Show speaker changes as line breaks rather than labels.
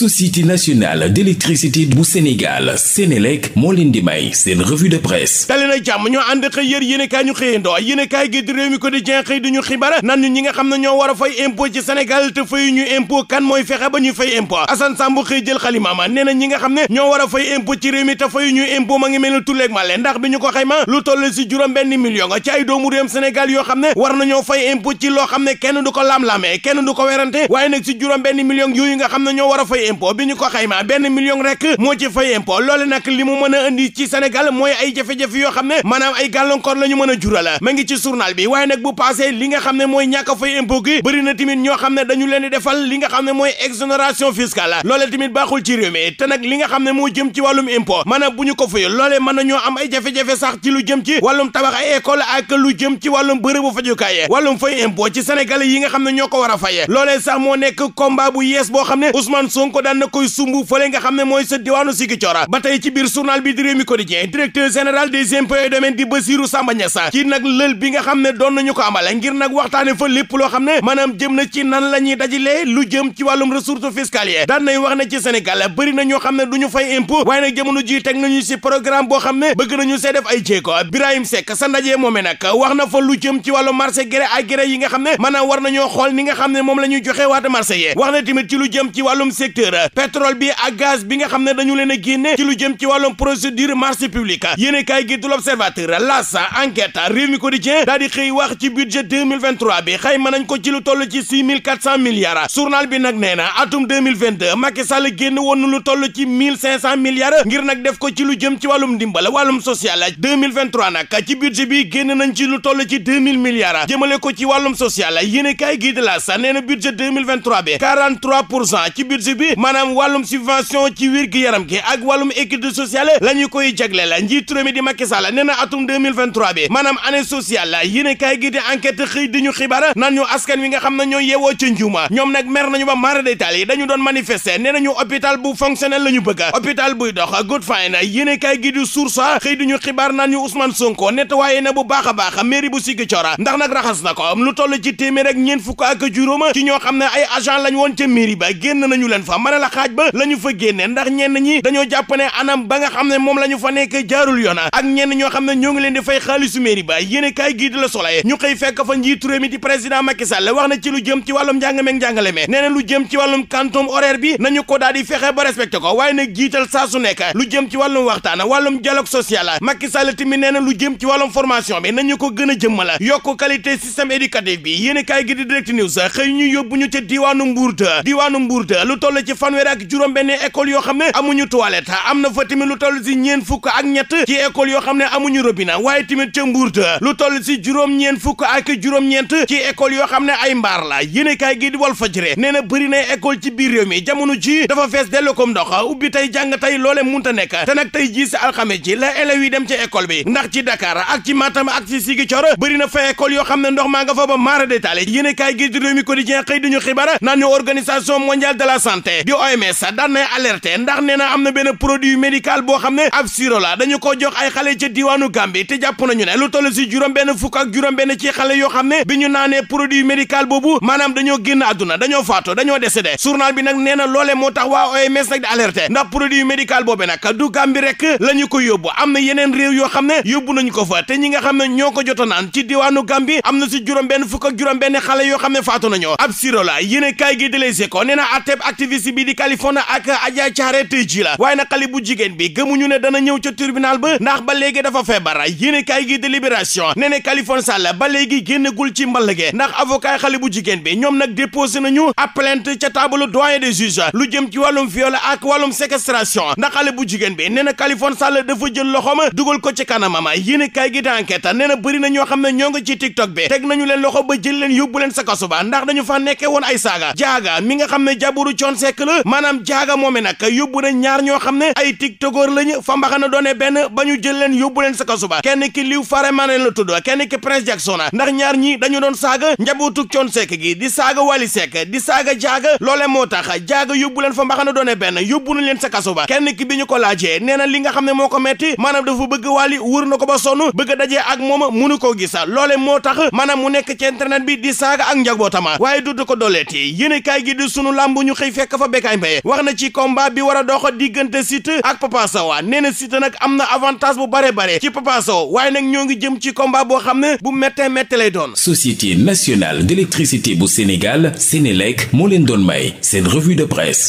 société nationale d'électricité bu Sénégal Sénélec moo leen di may seen revue de presse dali jàmm ñoo ànd xëy yér yéenekaay ñu xëyandoo yéenekaay gi di Rewmi Quotidien xëy di ñu xibaar nan ñu ñi nga xam ne ñoo war a fay impôt ci Sénégal te fayu ñu impôt kan mooy fexe ba ñu fay impôt Assane Samb xëy jël xalimaama nee na ñi nga xam ne ñoo war a fay impôt ci réew mi te fayu ñu impôt ma ngi mel ni tulleeg male ndax bi ñu ko xayma lu toll si juróom yoo xam ne war loo xam ne kenn du ko lam-lamee kenn du impôt bi ñu ko benn million rek moo ci fay impôt loole nag li mu mën a indi ci Sénégal mooy ay jafe-jafe yoo xam ne maanaam ay gàllankoor la ñu mën a jural ma ngi ci journal bi waaye nag bu passé li nga xam ne mooy ñakk a fay impôt gi bëri na tamit ñoo xam ne dañu leen di defal li nga xam ne mooy exonération fiscale loole tamit baaxul ci réew mi te nag li nga xam ne moo jëm ci wàllum impôt maanaam bu ñu ko fayul loole mën na ñoo ay jafe-jafe sax ci lu jëm ci wàllum tabax ay ak lu jëm ci wàllum bërëbu fajukaay wàllum fay impôt ci sénégalais yi nga xam ne ñoo ko war a faye loolee sax moo nekk combat bu yees boo xam ne Ousmane Sonko ko daan na koy sumb fële nga xam ne mooy sa diwaanu Ziguinchor ba tey ci biir journal bi di Rewmi Quotidien directeur général des impôts et domaines di Bassirou Samba Niass ci nag lël bi nga xam ne doon nañu ko amale ngir nag waxtaane fa lépp loo xam ne maanaam jëm na ci nan la ñuy dajalee lu jëm ci wàllum ressources fiscales yi daan nay wax ne ci Sénégal bëri na ñoo xam ne du ñu fay impôt waaye nag jamono ji teg nañu si programme boo xam ne bëgg nañu see def ay jéego Birahim na fa lu jëm ci wàllu marché gré à gré yi nga xam war nañoo xool ni nga xam ne moom la ñuy joxe waata marché yi wax na tamit ci lu secteur bi ak gaz bi nga xam ne dañu leen a génne ci lu jëm ci wàllum procédure marché public yéene kaay gi du l'observateur las enquête réew mi quotidien daal di xëy wax ci budget bi ci lu bi bi maanaam wàllum ci ci wérgu yaram gi ak wàllum équité sociale la ñu koy jagle la njiitu réew mi di Macky Sall nee na atum 2023 bi maanaam année sociale la yéen a kaay gi di enquête xëy di ñu xibaar naan ñu askan wi nga xam ne ñoo yeewoo ca njuuma ñoom nag mer nañu ba mara détail yi dañu doon manifester nee nañu hôpital bu fonctionnel la ñu bëgg hôpital buy dox a fine yéen a kaay gi di source xëy di ñu xibaar naan ñu Ousmane Sonko waaye na bu baax a baax mairie bu Sigi Cora ndax nag raxas na ko lu toll ci téeméer ak ñeent fukk ak juróom ci ñoo ay agent lañ woon ca ba génn nañu leen fa ma ne la xaaj ba la ñu fa génne ndax ñenn ñi dañoo jàpp anam ba nga xam ne moom la ñu fa nekk jaarul yoon ak ñenn ñoo xam ne ñoo ngi leen di fay xaalisu mairie ba yéene kaay gii la Soleil ñu xëy fekk fa njiitu réew mi di président Macky Sall wax na ci lu jëm ci wàllum njàng meeg njàngale me nee na lu jëm ci wàllum quantum horaire bi nañu ko daal di fexe ba respecté ko waaye nag jiital saa su nekk lu jëm ci wàllum waxtaan wàllum dialogue social Macky Sall tamit nee na lu jëm ci wàllum formation bi nañu ko gën a jëmmal yokk qualité système éducatif bi yéene gi di direct news xëy ñu yóbbu ñu ca diwaanu Mbour te diwaanu Mbour te lu toll ci fanweer ak juróom benn école yoo xam ne amuñu toilette am na fa tamit lu toll si ñeen fukk ak ñett ci école yoo xam ne amuñu robinet waaye tamit ca lu toll si juróom-ñeen fukk ak juróom-ñeent ci école yoo xam ne ay mbaar la yéene kaay gi di Walf Fadjri nee na bëri na école ci biir réew mi jamono ji dafa fees dellu ko ndox ubbi tey jàng tay loole munta nekk te nag tey jii si alxames ji la élèves yi dem ci école bi ndax ci dakaar ak ci Matam ak ci Ziguinchor bëri na fa école yoo xam ne maa nga fa ba maara détaillé yéene kaay gi di Rewmi Quotidien xëy duñu organisation mondiale la santé di OMS daan na alerté ndax nee na am na benn produit médical boo xam ne ab siro la dañu ko jox ay xale ci diwaanu Gambie te jàpp nañu ne lu toll si juróom benn fukk ak juróom benn ci xale yoo xam ne bi ñu naanee produit médical boobu maanaam dañoo génn duna dañoo faatu dañoo décédé journal bi nag nee na loolee moo tax waa OMS nag di alerté ndax produit médical boobe na du Gambie rek la ñu ko yóbbu am na yeneen réew yoo xam ne yóbbu nañu ko fa te ñi nga xam ne ñoo ko jota naan ci diwaanu Gambie am na si juróom benn fukk juróom benn xale yoo xam ne faatu nañoo ab siro la yéene Les Échos nee na atteeb activiste journaliste bi di Californie ak Adja Thiaré tey ji la waaye nag xale bu jigéen bi gëmuñu ne dana ñëw ca tribunal ba ndax ba léegi dafa feebar yéene kaay gi de Libération nee ne Californie ba léegi génnagul ci mball ge ndax avocat xale bu jigéen bi ñoom nag déposé nañu ab plainte ca table doyen des juges lu jëm ci wàllum viol ak wàllum séquestration ndax xale jigéen bi nee na Californie Sall dafa jël loxoom dugal ko ci kanamam yéene kaay gi di enquête xam ne ñoo ngi ci TikTok bi teg nañu leen loxo ba jël leen sa kaso ba njëkk maanaam jaaga moome nag yóbbu na ñaar ñoo xam ne ay tiktokeur lañu fa mbaxana doone benn ba ñu jël leen yóbbu leen sa kaso ba kenn ki liw faremaane la tudd kenn ki prince Jackson ndax ñaar ñi dañu doon saaga njabootu coon sekk gi di saaga wali sekk di saaga jaaga loole moo tax jaaga yóbbu leen fa mbaxana doone benn yóbbu nañ leen sa kaso ba kenn ki bi ko laajee nee na li nga xam ne moo ko metti maanaam dafa bëgg wali wër na ko ba sonn bëgg dajee ak moom munu koo gisa loole moo tax maanaam mu nekk ci bi di saaga ak njabootama waaye dudd ko dooleeti yéen kaay gi di sunu làmb ñu xëy fekk Bécaye Mbaye wax na ci combat bi war a dox diggante Siteu ak Papa Sow nee na nag am na avantage bu bare bare ci Papa Sow waaye nag ñoo ngi jëm ci combat boo xam ne bu méttee méttee lay doon. Société nationale d'électricité bu Sénégal Sénélec moo leen doon may seen revue de presse.